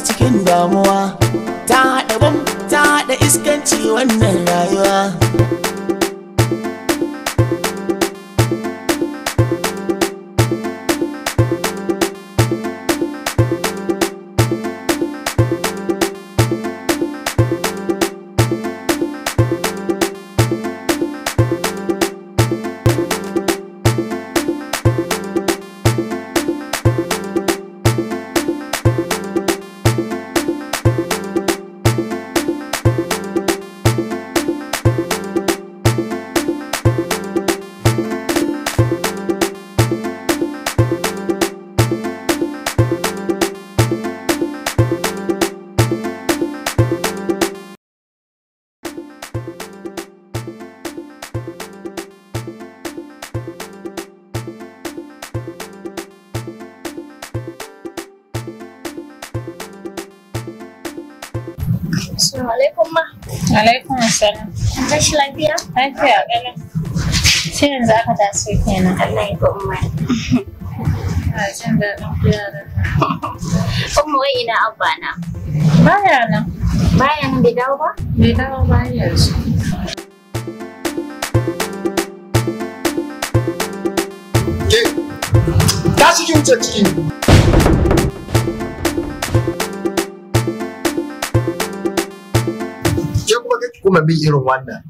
wasu cikin damuwa ta haɗa bam ta haɗa iskanci wannan rayuwa Alaikum assalam. An tashi lafiya? Lafiya ƙalam. Sai yanzu aka taso kenan. Allah ya ba umma. Umma wai ina abba na. Baya nan. Baya nan bai dawo ba? Bai dawo ba yanzu. Ke, ta cikin cikin. kuma min irin wannan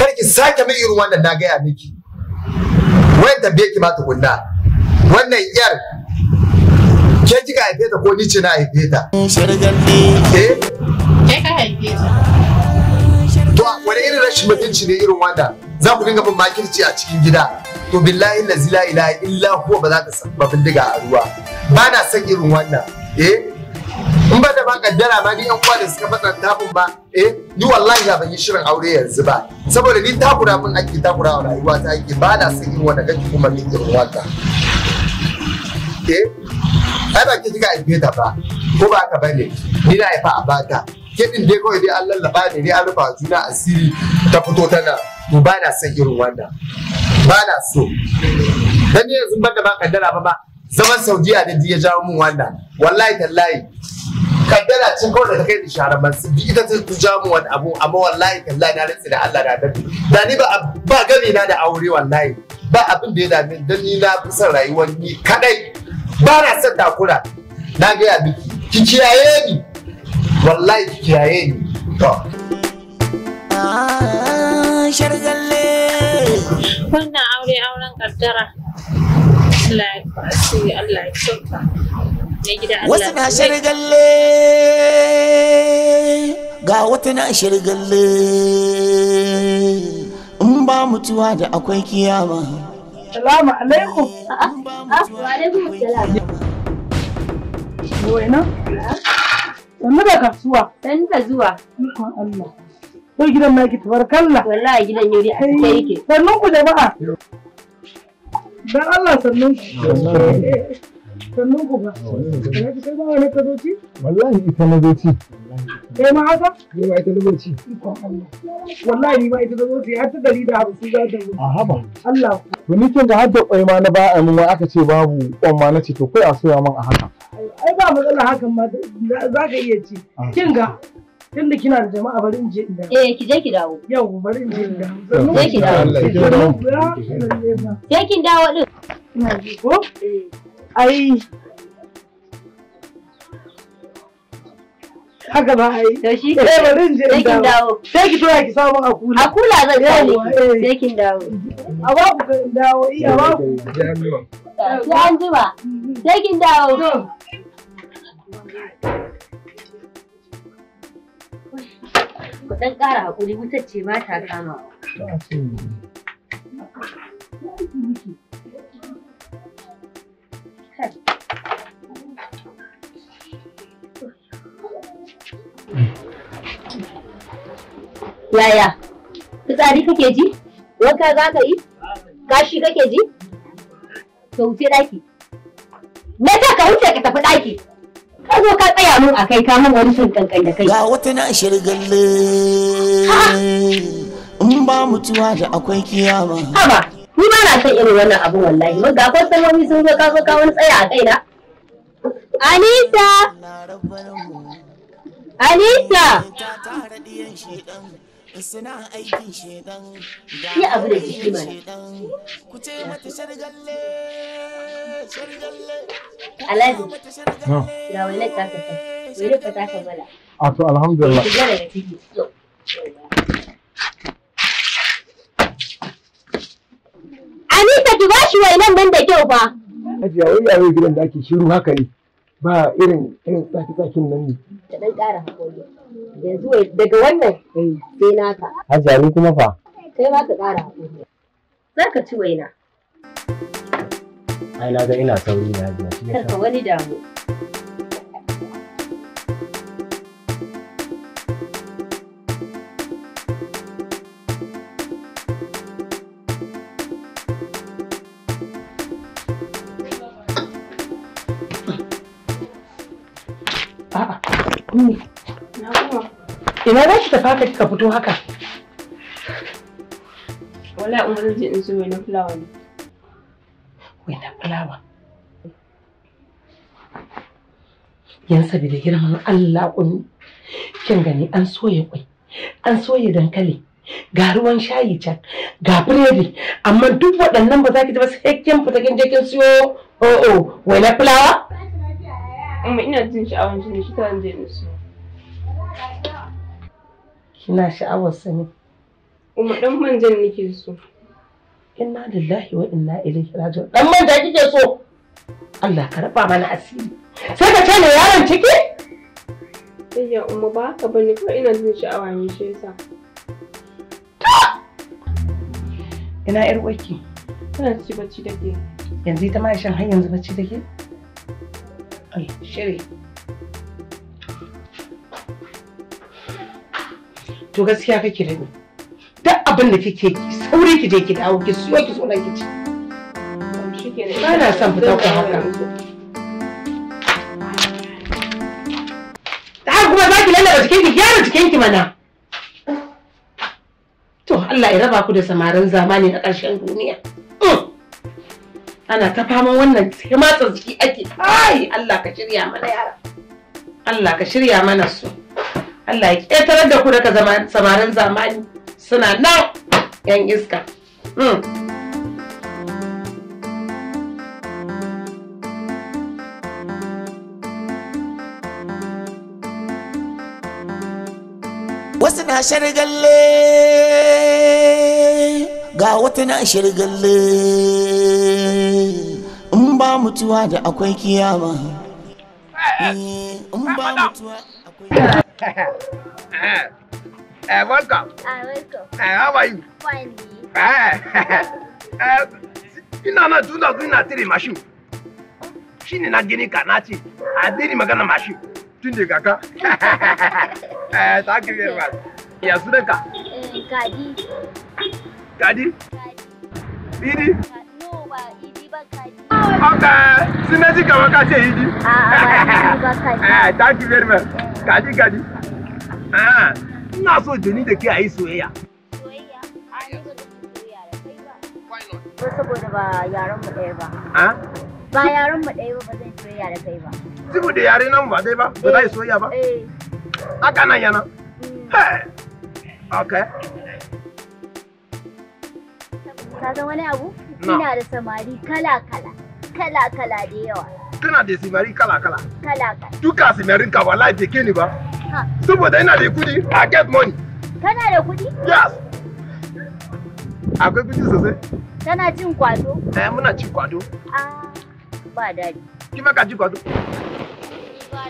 kar ki sake min irin wannan na gaya miki wayan tambaye ki ma tukunna wannan yar ke kika haife ta ko ni ce na haife ta eh kai ka haife ta to wani irin rashin mutunci ne irin wanda za ku dinga bin makirci a cikin gida to billahi la ilaha illa huwa ba za ta samu bindiga a ruwa ba na san irin wannan eh in ba da ma kaddara ma ni yan uwa da suka fata tabun ba eh ni wallahi ya ban yi shirin aure yanzu ba saboda ni takura mun ake takura a rayuwa ta ake ba na son yin wanda kake kuma min irin waka eh ai ba ki kika aike ta ba ko ba ka bane ni na haifa a bata ke din dai kawai dai an lallaba ne ni an rufa juna asiri ta fito tana to ba na son irin wanda ba na so dan yanzu ban da ba kaddara ba ba zaman saudiya da ya jawo min wannan wallahi tallahi kaddara cin kawai da ta kai da sharan masu ita ta ja mu wani abu amma wallahi tallahi na rantsi da Allah da annabi da ni ba ba gami na da aure wallahi ba abin da ya dame dan ni na kusan rayuwar ni kadai ba na son takura na gaya miki ki kiyaye ni wallahi ki kiyaye ni to shargalle wannan aure auren kaddara Allah ya Allah ya wasu na shirgalle ga wata na shirgalle in ba mutuwa da akwai kiyama salamu alaikum wa alaikum salam waina sannu da kasuwa sannu da zuwa ikon allah sai gidan maki tabarkalla wallahi gidan yuri a cikin yake sannun ku jama'a dan allah sannun ku sannan ku ba alhaji kai ba wani ka zo ci wallahi ita na zo ci kai ma haka ni ma ita na zo ci wallahi ni ma ita na zo ci har ta dari da abu sun za ta zo a haba Allah ku to ni kin ga har da kwai ma na ba a mun aka ce babu kwan ma na ce to kai a soya man a haka ai ba matsala hakan ma za ka iya ci ah. kin ga tunda kina da jama'a bari in je in dawo. Eh ki je ki dawo. Yau bari in je in dawo. Je ki dawo. Je kin dawo din. Ina ji ko? Eh. ai haka ba ai To shi ke eh, in je in dawo sai ki tura ki samu akula akula zan kare eh. sai kin dawo a ba ku dawo iya eh, ba ku sai an jima sai kin dawo ku dan kara hakuri wutar ce ba ta kama Yaya? Fitsari kake ji? Wanka za ka yi? Kashi kake ji? Ka wuce ɗaki. Me ta ka wuce ka tafi ɗaki. Ka zo ka tsaya mun a kai ka mun wani sun kankan da kai. Ga wata na shirgalle. In ba mutuwa da akwai kiyama. Haba, ni ba na son irin wannan abu wallahi. Mun ga kwastomomi sun zo ka zo ka wani tsaya a kai na? Anisa! Anisa! suna aikin abu da jiki mana ku alhaji ya wani ta wani ta a ah, to alhamdulillah Anita ki wainan nan da kyau fa. Hajiya wai yayin gidan da ake shiru haka ne. ba irin irin tsaki tsakin nan ne ka dan ƙara hakuri yanzu daga wannan eh, sai naka hajiya ni kuma fa kai ma ka ƙara hakuri za ka ci waina ai na ga ina sauri na hajiya kar ka wani damu Ina za ki tafi haka kika fito haka? Wala in wani je in zo wani fulawa ne. Wani fulawa? Yan sabi da girman Allah kun kin gani an soye kwai, an soye dankali, ga ruwan shayi can, ga biredi, amma duk waɗannan ba za ki ji ba sai kin fita kin je kin siyo Oh, oh wai na fulawa? amma ina jin sha'awar shi ne shi ta je na kina sha'awar sa ne umma dan manjan nake so inna lillahi wa inna ilaihi raji'un dan manja kike so Allah ka raba mana asiri sai ka ce ne yaron ciki Ayya umma ba haka bane ko ina jin sha'awa ne shi yasa ina yar uwarki tana ci bacci take yanzu ita ma shan har yanzu bacci take shiri to gaskiya kake da ni duk abin da kike ki sauri ki je ki dawo ki siyo ki tsona ki ci ba na son fita ku haka Ta kuma za ki lallaba jikin ki gyara jikin ki mana to Allah ya raba ku da samarin zamani na ƙarshen duniya mm. ana ta faman wannan sai matsa jiki ake ai Allah ka shirya mana yara Allah ka shirya mana su Allah ya ƙetarar da ku daga samarin zamani suna nan yan iska hmm. wasu na shirgalle ga wata na shirgalle ba mutuwa da akwai kiyama eh, eh, in ba mutuwa akwai Eh, ah, welcome. Eh, how are you? Fine. Eh, ina na tun da kuna tiri mashin. Shi na gini ka na ce, a diri magana mashin. Tun da kaka. Eh, ta ki very well. Ya Kadi. Kadi? Kadi. Bidi? Kadi. Okay, Sinaji Kawaka Shahidi. Ah, ah eh, thank you very much. Ah, ni da ke a yi soyayya. Soyayya? A yi Ko saboda ba yaran mu ɗaya ba. Ah? Ba yaran mu ɗaya da kai ba. yi soyayya ba. Eh. san wani abu? Ina da samari kala-kala, kala-kala da yawa. Kana da samari kala-kala? Kala-kala. Duka samarin ka wallahi life ke ni ba. Saboda ina da kudi, I get money. Kana da kudi? Yes. Akwai kudi sosai. Kana cin kwado? Eh, muna cin kwado. Ah, ba dadi. Kima ka ci kwado? Ba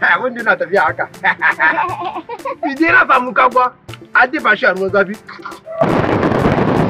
na abin dina tafiya haka. Fije na samu kagwa, a jefa shi a ruwan zafi.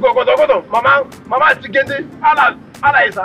Mama, mama màmá àti géńdé àlà àlà ìsà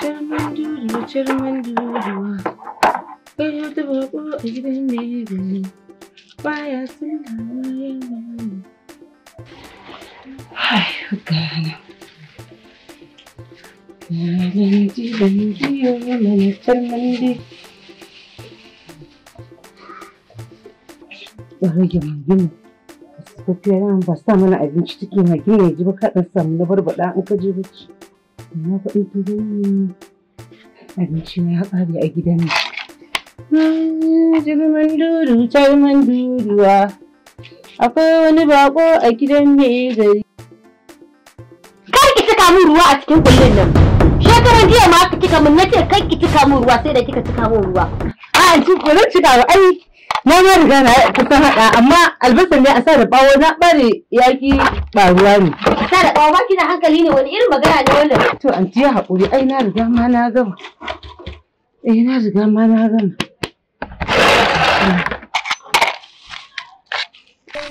Çermen düğürü, çermen düğürü Böyle baba evden evden Bayasın hayalım Ay Hıkkı Mendi, mendi, mendi, mendi. Bari yaman gini. Suka fiye yawan ba sa mana abinci take ma gini ya ji ba kaɗan samu na barbaɗa an ka Amma na kuɗin gidan ne abinci ya ƙare a gidan nan ah, jirman dudu tarman duduwa akwai wani bako a gidan mai gari kar ki cika min ruwa a cikin kullun nan shekaran jiya ma kika cika min nace kar ki cika min ruwa sai da kika cika min ruwa a an ci kullun cika ai na ma riga na kusan haɗa amma albasan ne a sa da bawo na bare yaƙi ɓaruwa ne. Sa da bawo baki da hankali ne wani irin magana ne wannan. To an ya haƙuri ai na riga ma na gama. Eh na riga ma na gama.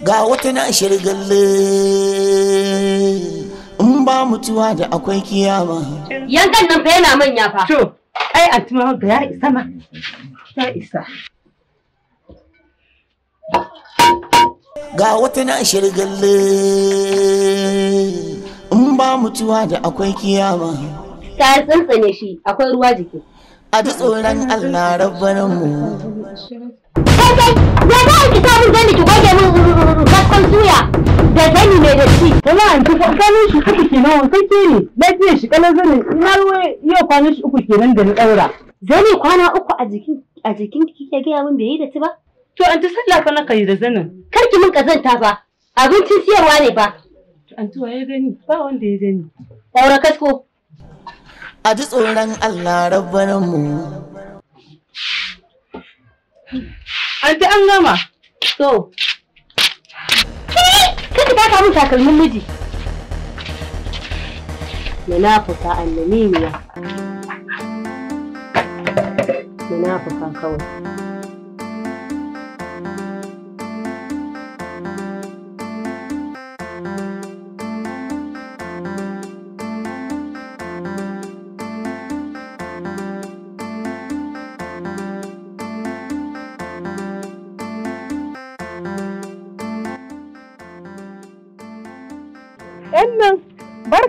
Ga wata na shirgalle in ba mutuwa da akwai kiyama. Yankan nan fa yana manya fa. To ai a tuma ga ya isa ma. Ya isa. ga wata na shirgalle in ba mutuwa da akwai kiyama ta tsantsane shi akwai ruwa jiki a ji tsoron allah rabbanin mu ya za ki samu zani ki goge min kaskon suya da zani mai datti kuma an ci kwanin shi uku kenan wankake ne Na fiye shi kalan zani na ruwa yau kwanan shi uku kenan da na daura zani kwana uku a jikin a jikin kike gaya min bai yi da datti ba To an ta sallafa na kai da zanin. Kar ki min kazanta ba. Abincin siyarwa ne ba. To an Anti waye gani? Ba wanda ya gani. Aure kasko. A ji tsoron Allah rabbanin mu. An ta an gama. To. ba ka kawo takalmin miji. Munafuka annamiya. Munafuka kawai.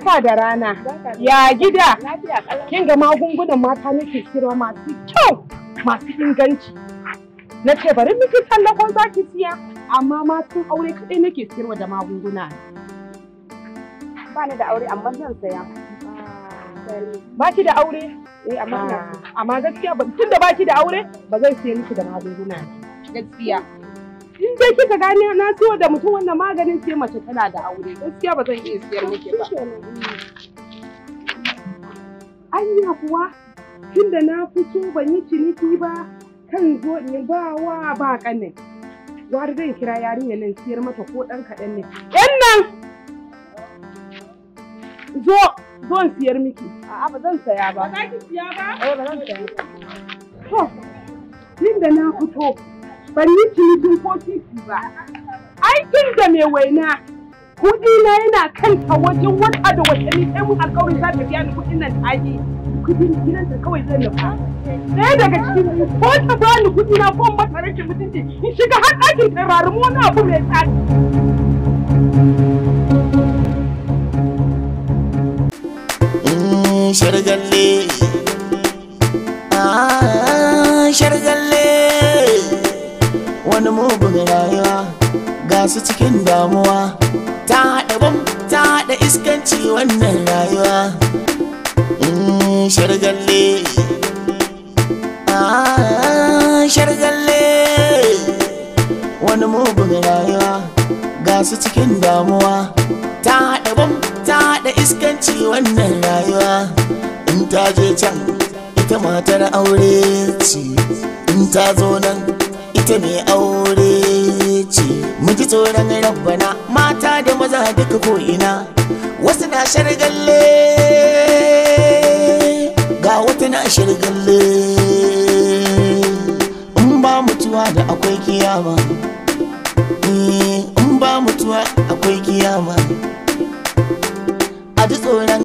barka da rana. Ya gida. Kin ga magungunan mata nake kira masu kyau, masu inganci. Na ce bari miki tallafon zaki siya, amma matan aure kaɗai nake siyarwa da magunguna. Ba ni da aure amma zan saya. Ba ki da aure? Eh amma ah, gaskiya tunda ba ki da aure ba zan siya miki da magunguna. Gaskiya. in dai kika gane na siyo da mutum wannan maganin sai mace tana da aure gaskiya ba zan iya siyar miki ba anya kuwa tunda na fito ban yi ciniki ba kan zo in ba wa ba kanne wari zan kira yarinya nan siyar mata ko ɗan kaɗan ne yan nan zo zo in siyar miki a'a ba zan saya ba ba za ki siya ba eh ba zan saya ba to tunda na fito ban yi cinikin ko ba. Aikin da mai waina kuɗi na yana kanta wajen wata da watanni sai mun alƙawarin za ta biya ni kuɗin nan ta yi. Kuɗin gidan ta kawai zan nufa. Ɗaya daga cikin ko ta ba ni kuɗi na ko mata rashin mutunci in shiga har ɗakin tsirarin wani abu mai tsari. Mm, masu cikin damuwa ta haɗa bam ta haɗa iskanci wannan rayuwa mm, shargalle ah, shargalle wani mugun rayuwa ga cikin damuwa ta haɗa bam ta haɗa iskanci wannan rayuwa in ta je can ita matar aure ce in ta zo nan ita mai aure adalci mu ji tsoron rabbana mata da maza duka ko ina wasu na shirgalle ga wata na shirgalle in ba mutuwa da akwai kiyama eh, in ba mutuwa akwai kiyama a ji tsoron